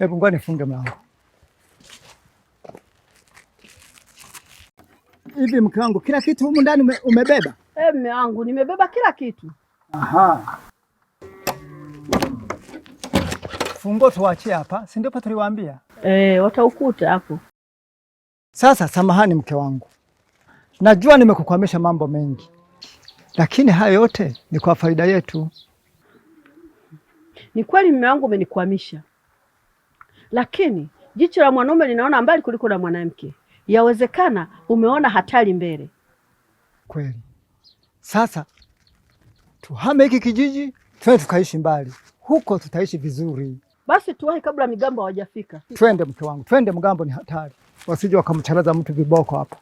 Hebu ngoja nifunge mlango. Hivi mke wangu, kila kitu humu ndani ume, umebeba? Eh, mume wangu, nimebeba kila kitu. Aha. Fungo tuwachie hapa, si ndio tuliwaambia? Eh, wataukuta hapo. Sasa samahani mke wangu, najua nimekukwamisha mambo mengi, lakini haya yote ni kwa faida yetu. Ni kweli mume wangu, umenikwamisha lakini jicho la mwanaume linaona mbali kuliko la mwanamke. Yawezekana umeona hatari mbele. Kweli. Sasa tuhame hiki kijiji, twende tukaishi mbali huko, tutaishi vizuri. Basi tuwahi kabla migambo hawajafika. Twende mke wangu, twende. Mgambo ni hatari, wasije wakamcharaza mtu viboko hapo.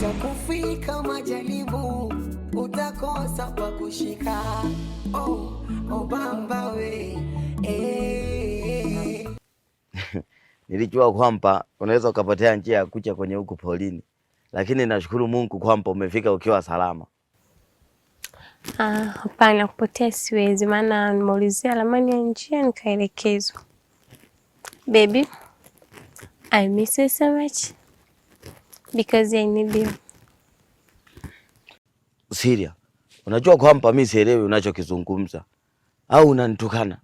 Itakufika majaribu utakosa pa kushika. Oh, Obamba oh, we eh. Nilijua kwamba unaweza ukapotea njia ya kucha kwenye huku polini, lakini nashukuru Mungu kwamba umefika ukiwa salama. Ah, hapana, ah, kupotea siwezi, maana nimeulizia ramani ya njia nikaelekezwa. Baby, I miss you so much because I need you. Syria. Unajua kwamba mimi sielewi unachokizungumza au unanitukana?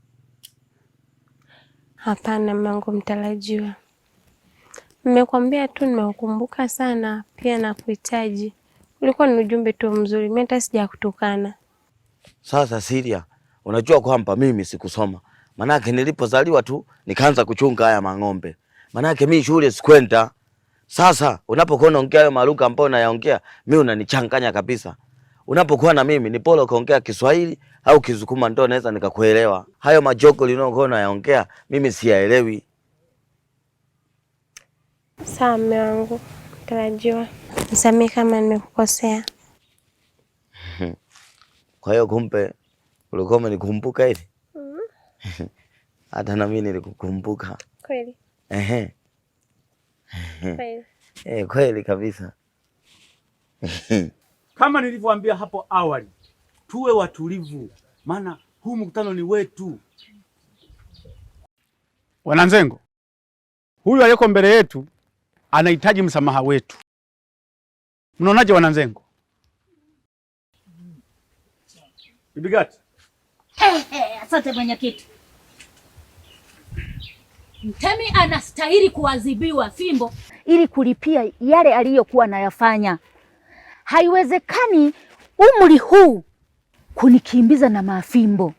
Hapana mangu mtarajiwa, nimekwambia tu nimeukumbuka sana, pia nakuhitaji. Ulikuwa ni ujumbe tu mzuri, mimi hata sijakutukana. Sasa Siria, unajua kwamba mimi sikusoma, manake nilipozaliwa tu nikaanza kuchunga haya mang'ombe, manake mimi shule sikwenda. Sasa unapokuwa unaongea hayo maruka ambayo unayaongea, mimi unanichanganya kabisa unapokuwa na mimi ni polo kaongea Kiswahili au Kizukuma ndo naweza nikakuelewa. Hayo majoko linayokuwa unayaongea mimi siyaelewi. Sawa mume wangu tarajiwa, nisamehe kama nimekukosea. Kwa hiyo kumbe ulikuwa umenikumbuka hivi? Mm-hmm. Hata na mimi nilikukumbuka kweli. Ehe, kweli eh, kabisa. Kama nilivyoambia hapo awali, tuwe watulivu, maana huu mkutano ni wetu. Wananzengo, huyu aliyeko mbele yetu anahitaji msamaha wetu. Mnaonaje wananzengo? Bibi Gati. Hey, hey, asante mwenyekiti. Mtemi anastahili kuadhibiwa fimbo ili kulipia yale aliyokuwa anayafanya. Haiwezekani umri huu kunikimbiza na mafimbo.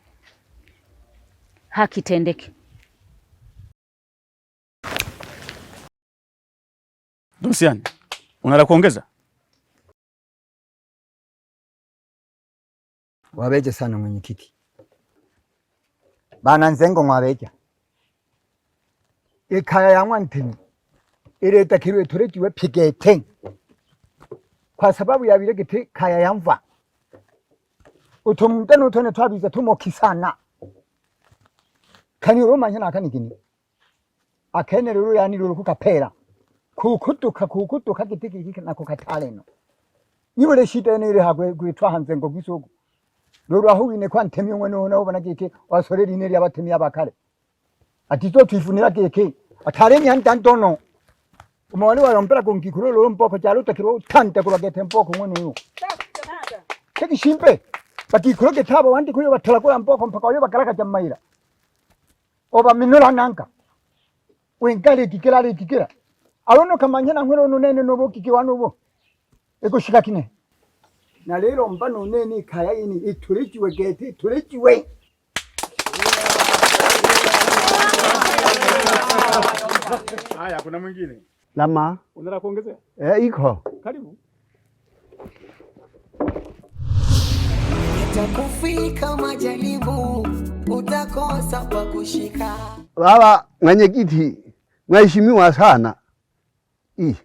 Hakitendeki. tendeke. Dusiani, kuongeza wabeja sana mwenyekiti bana nzengo mwabeja ikaya yang'wantini iretakirwe turekiwe pigete kwa sababu ya vile kiti kaya yamva utumde nutone twabiza tumoki sana kani roma nyana kani gini akene ruru yani ruru kukapera kukutuka kukutuka giti giki na kukataleno ibure shida ne ire hagwe kuitwa hanze ngo gisugo ruru aho wine kwa ntemi umwe none ubona giki wasorera ine ry'abatemi abakare atizo twifunira giki atarenya ndandono umawaniwaya mpela kunkikhulo lolo mpoko chaluta kilo utanta kulagete mpoko ngwenu yuko kekishimpe bakikhulo getabo wandi kuyo bathalakula mpoko mpaka wayo bakalaka chammaila oba minula nanka winkali kikila ali kikila alono kamanyana ngwelo nunene nubo kikiwa nubo ikushika kine na lelo mba nunene kaya ini itulichiwe gete itulichiwe Haya, kuna mwingine Lama. Unataka kuongezea? Eh, iko. Karibu. Itakufika majaribu, utakosa pa kushika. Baba mwenyekiti, mheshimiwa sana. I.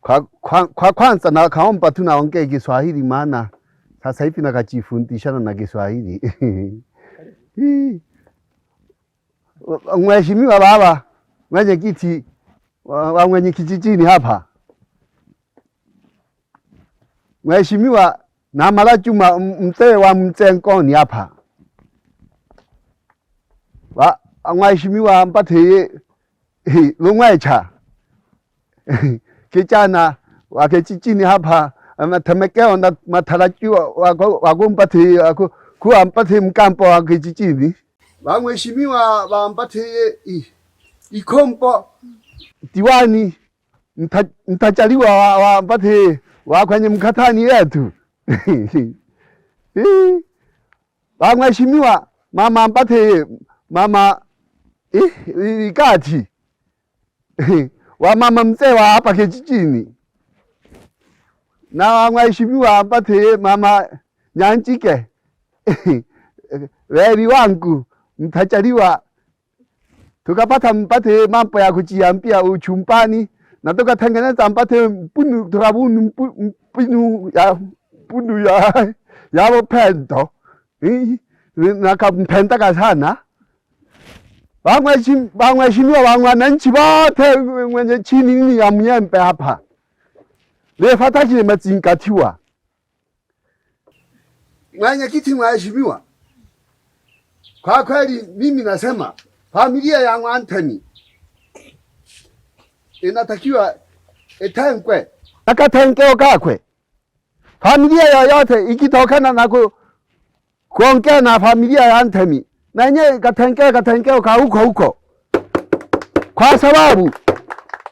Kwa, kwa, kwa kwanza na kaomba tu tunaongea Kiswahili maana sasa hivi nakajifundishana na Kiswahili. Mheshimiwa baba mwenyekiti wa mwenye kijijini hapa, Mheshimiwa Namala Juma, mzee wa Mchenkoni hapa, Mheshimiwa mpatie Lung'wecha kijana wa kijijini hapa matemekeo na matarajio wakumpatie kuwampatie mkambo wa kijijini, wa mheshimiwa wampatie ikombo diwani mtajaliwa wa, wa wa kwenye mkatani yetu wa mama mpate mama ikati wa mama mzee wa hapa kijijini na wa mheshimiwa mama Nyanjike weri wangu mtajaliwa tukapata mpate mambo ya kujiambia uchumbani na tukatengeneza mpate mbunu turabuni mbunu ya mbunu ya ya mpendo na upendo ka sana wamheshimiwa wananchi wote wenye chini ya Mnyembe hapa lefataji limezingatiwa. Mwenyekiti, mheshimiwa, kwa kweli mimi nasema Familia ya Anthony inatakiwa itenkwe eh, takatenkeo kakwe. Familia yoyote ikitokana na ku, kuongea na familia ya Anthony na yenyewe ikatenkeo katenkeo ka huko huko, kwa sababu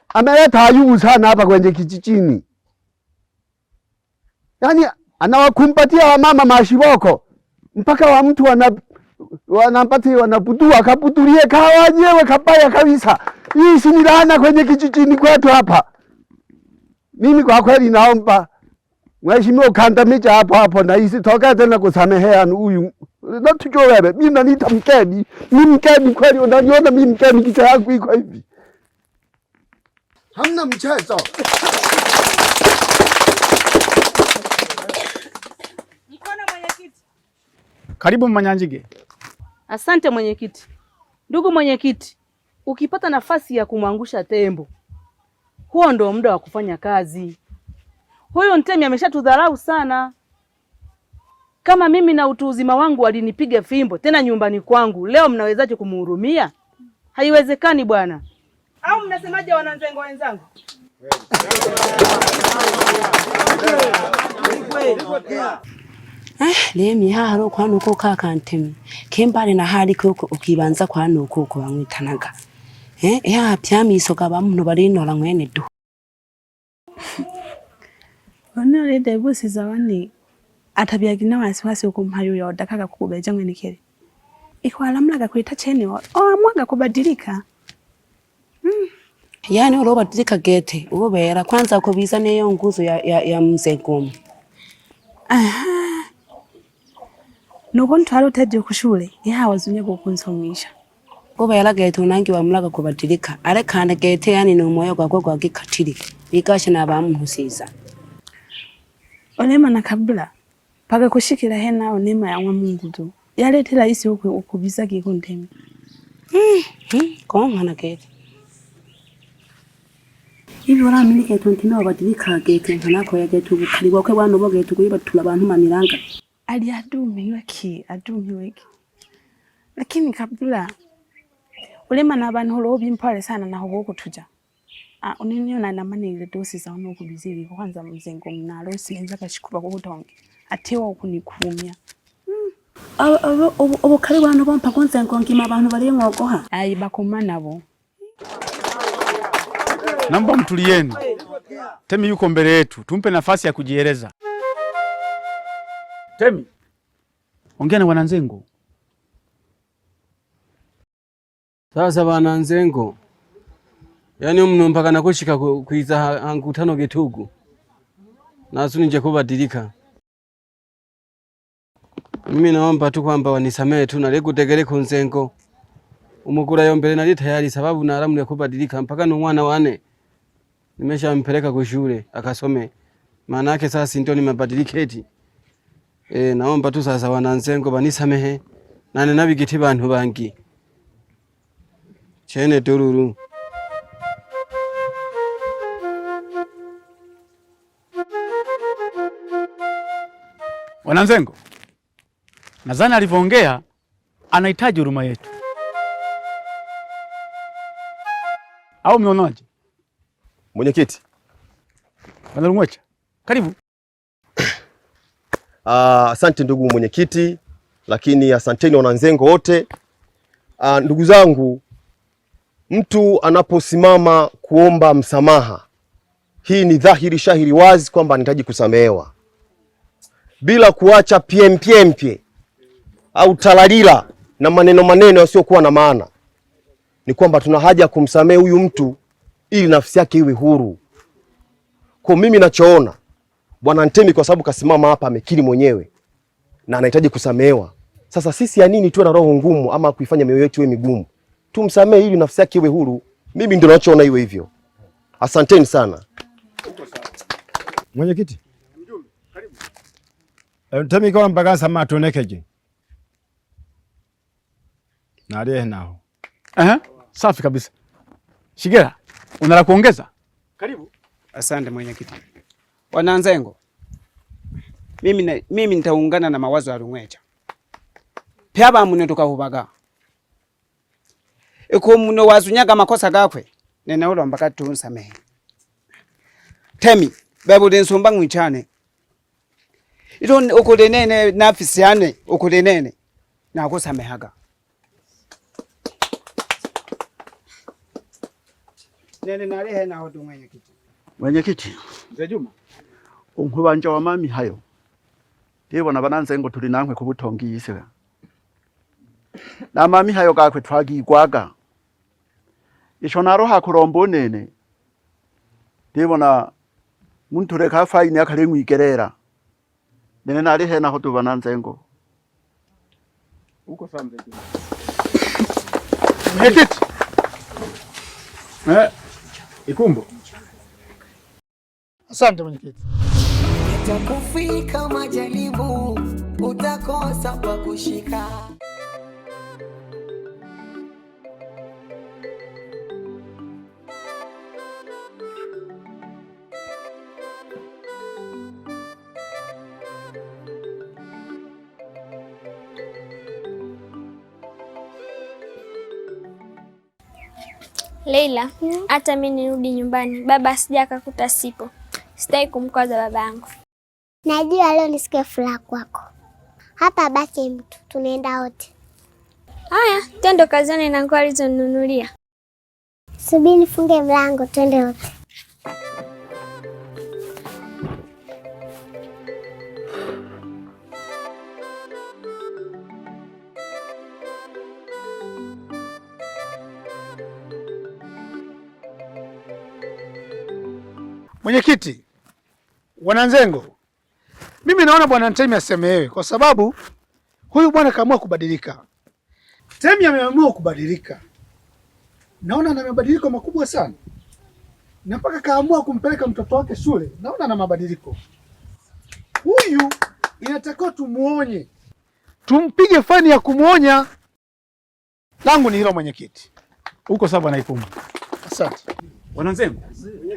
ameleta ayubu sana hapa kwenye kijijini, yaani anawakumbatia wamama mashiboko mpaka wa mtu wana wanapati wanaputua kaputurie kawanyewe kabaya kabisa. Hii si ni laana kwenye kijijini kwetu hapa. Mimi kwa kweli naomba mheshimiwa ukandamize hapo hapo na toka tena kusamehea huyu na tujue wewe, mimi naniita mkeni, mimi mkeni kweli. Unaniona mimi mkeni, kicha yangu iko hivi, hamna mchezo. Karibu Mmanyanjige. Asante mwenyekiti. Ndugu mwenyekiti, ukipata nafasi ya kumwangusha tembo, huo ndo muda wa kufanya kazi. Huyu ntemi ameshatudharau sana. Kama mimi na utu uzima wangu walinipiga fimbo tena nyumbani kwangu, leo mnawezaje kumhurumia? Haiwezekani bwana, au mnasemaje wananzengo wenzangu? lemi haro kwa nuko kaka Lemye hahari okwanuka okakantemi kembare nahariko okibanza kwanuka uko bamwitanaga eha eh, pyamiso gabamuntu barinora mwene du onore debusi zawani atabia gina atabyagina wasiwasi uko mhayo ya odakaga kukubeja mwene alamla ikwalamlaga kuita cheni o amwaga kubadilika mm. yani olobadilika gete ubera kwanza kubiza neyo nguzo ya, ya, ya mzee aha nuko ntwari utevye kushule yahawe azunyaga kunsomesha kuba yaragaye tunangi wamulaga kubatilika alekana gete yani ni umoyo gwagwe gwagikatili likasha nabamuhusiza olema na kabla paka kushikila hena onema yamwa mungu tu yaletela isi ukubisa kikuntemi mm, mm, kongana gete ibi waramenye gete ntino wabatilika gete nkanako ya gete ubukali gwakwe bwanobo gete kuyibatula abantu maniranga aliadumi adumi adumiweki lakini kabla ulemana holo lobi mpole sana na hobo kutuja ah na uniniona ile dosi za unokubizili kwanza mzengo mna rosi nza kashikuba ko kokutonge atewa obo obukabi hmm. bwano bompa kwanza ngongi mabantu bali ngogoha ayi bakoma nabo namba mtulieni temi yuko mbele yetu tumpe nafasi ya kujieleza Temi, ongea na wananzengo sasa. Wananzengo yani mno mpaka nakushika kuiza hangu tano getugu nasunije kubadilika. Mimi naomba tu kwamba wanisamehe tu nalikutegere kunzengo umukura yombele nali tayari sababu naramu ya kubadilika mpaka ni mwana wane nimeshampeleka kushule akasome, maana yake sasa ndio nimebadilika eti eh naomba tu sasa wananzengo banisamehe nane nabigiti bantu bangi chene tururu wananzengo, nadhani alivyoongea anahitaji huruma yetu, au mnaonaje? Mwenyekiti Bwana karibu Ah, asante ndugu mwenyekiti, lakini asanteni wananzengo wote. Ah, ndugu zangu, mtu anaposimama kuomba msamaha, hii ni dhahiri shahiri wazi kwamba anahitaji kusamehewa bila kuacha pyempyempye au talalila na maneno maneno yasiyokuwa na maana. Ni kwamba tuna haja ya kumsamehe huyu mtu ili nafsi yake iwe huru. Kwa mimi nachoona Bwana Ntemi kwa sababu kasimama hapa amekiri mwenyewe na anahitaji kusamehewa. Sasa sisi ya nini tuwe na roho ngumu ama kuifanya mioyo yetu iwe migumu? Tumsamehe ili nafsi yake iwe huru. Mimi ndio nachoona iwe hivyo. Asanteni sana. Mwenyekiti. Eh, Ntemi kwa mpaka sama Na Naliye nao. Eh, safi kabisa. Shigera, unala kuongeza? Karibu. Asante mwenyekiti. Wananzengo, mimi, na, mimi nitaungana na mawazo ya Lung'weja pyaba muno tukahubaga iko muno wazunyaga makosa gakwe nenaulo mpaka tunsamehe temi babule nsumba ngwichane ilo ukulinene nafisiane ukulinene nakusamehaga nene nalihe naho tu mwenyekiti mwenyekiti Mzee Juma unkubanja wa mami hayo bananze bananzengo tuli nankwe kubutongise na mami hayo gakwe twagigwaga isho naroha kuromba unene ndibona muntu reka faini akare ngwigerera nene nali hena ho tubana nzengo uko sambe mhekiti eh ikumbo asante mwenyekiti Utakufika majaribu, utakosa pa kushika. Leila, hata hmm, mimi nirudi nyumbani, baba sija akakuta sipo. Sitaki kumkwaza baba yangu. Najua leo ni siku ya furaha kwako. Hapa baki mtu, tunaenda wote. Haya, twende kazani na nguo alizonunulia. Subiri nifunge mlango, twende wote. Mwenyekiti, wananzengo mimi naona bwana Ntemi asemewe kwa sababu huyu bwana kaamua kubadilika. Ntemi ameamua kubadilika, naona na mabadiliko makubwa sana, na mpaka kaamua kumpeleka mtoto wake shule, naona na mabadiliko. Huyu inatakiwa tumuonye, tumpige fani ya kumwonya. Langu ni hilo, mwenyekiti. Uko sawa bwana Ipuma? Asante wananzengu,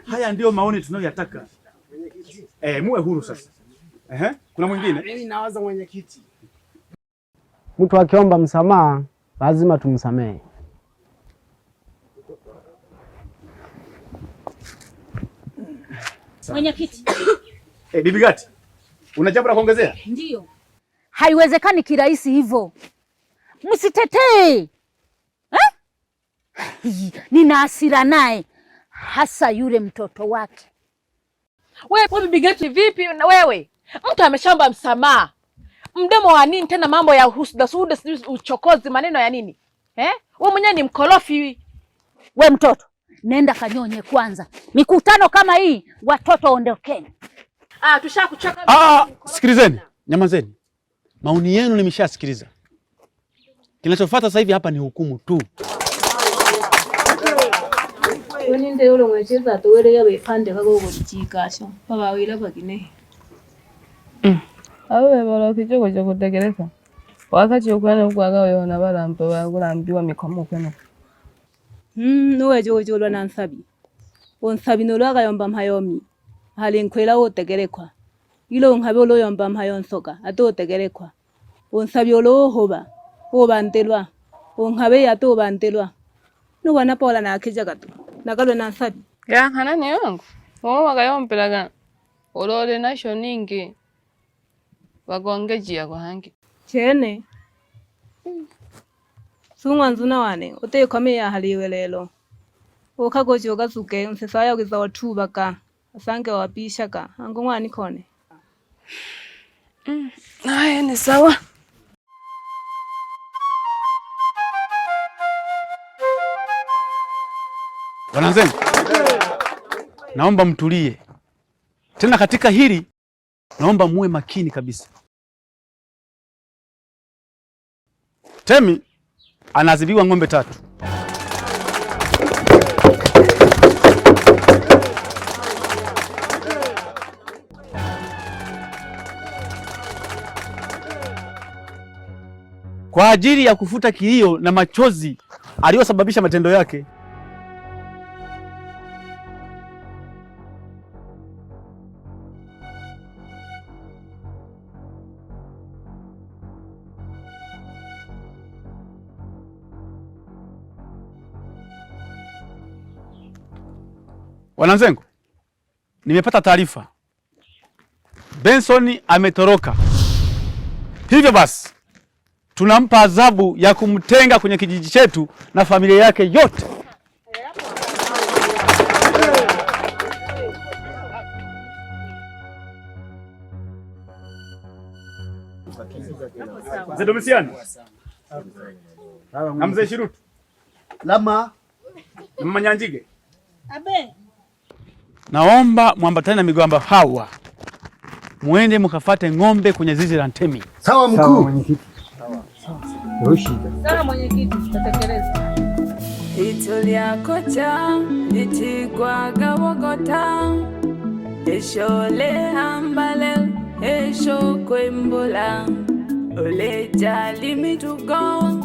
haya ndiyo maoni tunayoyataka. Eh, muwe huru sasa. Ehe, kuna mwingine? Ah, mimi nawaza mwenyekiti, mtu akiomba msamaha lazima tumsamehe. Mwenyekiti. Eh, Bibi Gati, una jambo la kuongezea? Ndio. Haiwezekani kirahisi hivyo, msitetee eh? Nina hasira naye hasa yule mtoto wake. Wewe Bibi Gati, vipi na wewe Mtu ameshamba msamaha, mdomo wa nini tena? Mambo ya husuda suhuda, sijui uchokozi, maneno ya nini eh? We mwenyewe ni mkorofi we. Mtoto nenda kanyonye kwanza, mikutano kama hii watoto ondokeni. Ah, tushakuchoka. Ah, ah, sikilizeni, nyamazeni. Maoni yenu nimeshasikiliza. Kinachofuata sasa hivi hapa ni hukumu tu awebalakija kuja kutegeleza wakati ukwene ukwagaweyona balampe bakulambiwa mikomo ukwenuku mm, nuwejokujoulwa na nsabi onsabi nolwagayomba mhayomi hali nkwila wotegerekwa ilo nkhabi oloyomba mhayo nsoka ate wotegerekwa onsabi oloohoba wobantelwa onkhabe ate wobantelwa nuwanapaola nakija gato nakalwe na nsabi gankhana niyongo owo wagayompelagana olole nasho ningi wagonge jia gwange chene sunga nzuna wane ote utikome yahaliwe lelo ukagochi ukazuke msesaya ukiza watubaka asange wapishaka angu ng'wanikone mm. Haya, ni sawa wananzengu, naomba mtulie tena katika hili Naomba muwe makini kabisa. Temi anaadhibiwa ng'ombe tatu. Kwa ajili ya kufuta kilio na machozi aliyosababisha matendo yake. Wanamzengo, nimepata taarifa Benson ametoroka, hivyo basi tunampa adhabu ya kumtenga kwenye kijiji chetu na familia yake yote. Mzee Domisiani na mzee Shirutu lama na mama Nyanjige abe naomba mwambatane na migomba hawa mwende mkafate ng'ombe kwenye zizi la Ntemi. Sawa mkuu. Mwenyekiti. Sawa mwenyekiti, tutatekeleza. Itulia kocha litigwa gawogota eshole hambale esho kwembola oleja mitugo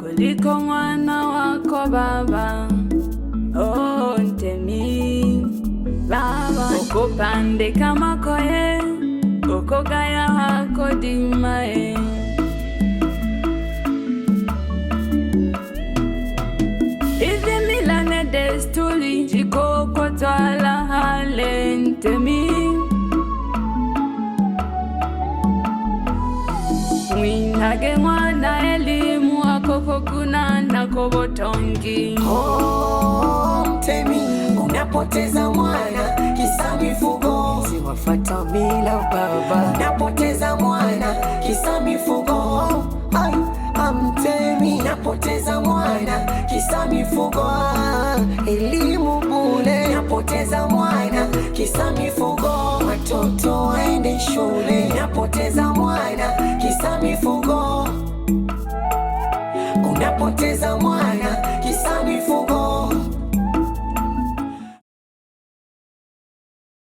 kuliko mwana wako baba oh kopande kamakoye kokogaya hakodimae hivi mila na desturi jikokotwala halentemi mwinage mwana elimu akokokuna nakobotongi oh, mtemi unapoteza mwana mifugo, siwafuata mila baba, napoteza mwana kisa mifugo, amtemi, napoteza mwana kisa mifugo, elimu bule, napoteza mwana kisa mifugo, watoto waende shule, napoteza mwana kisa mifugo, unapoteza mwana kisa mifugo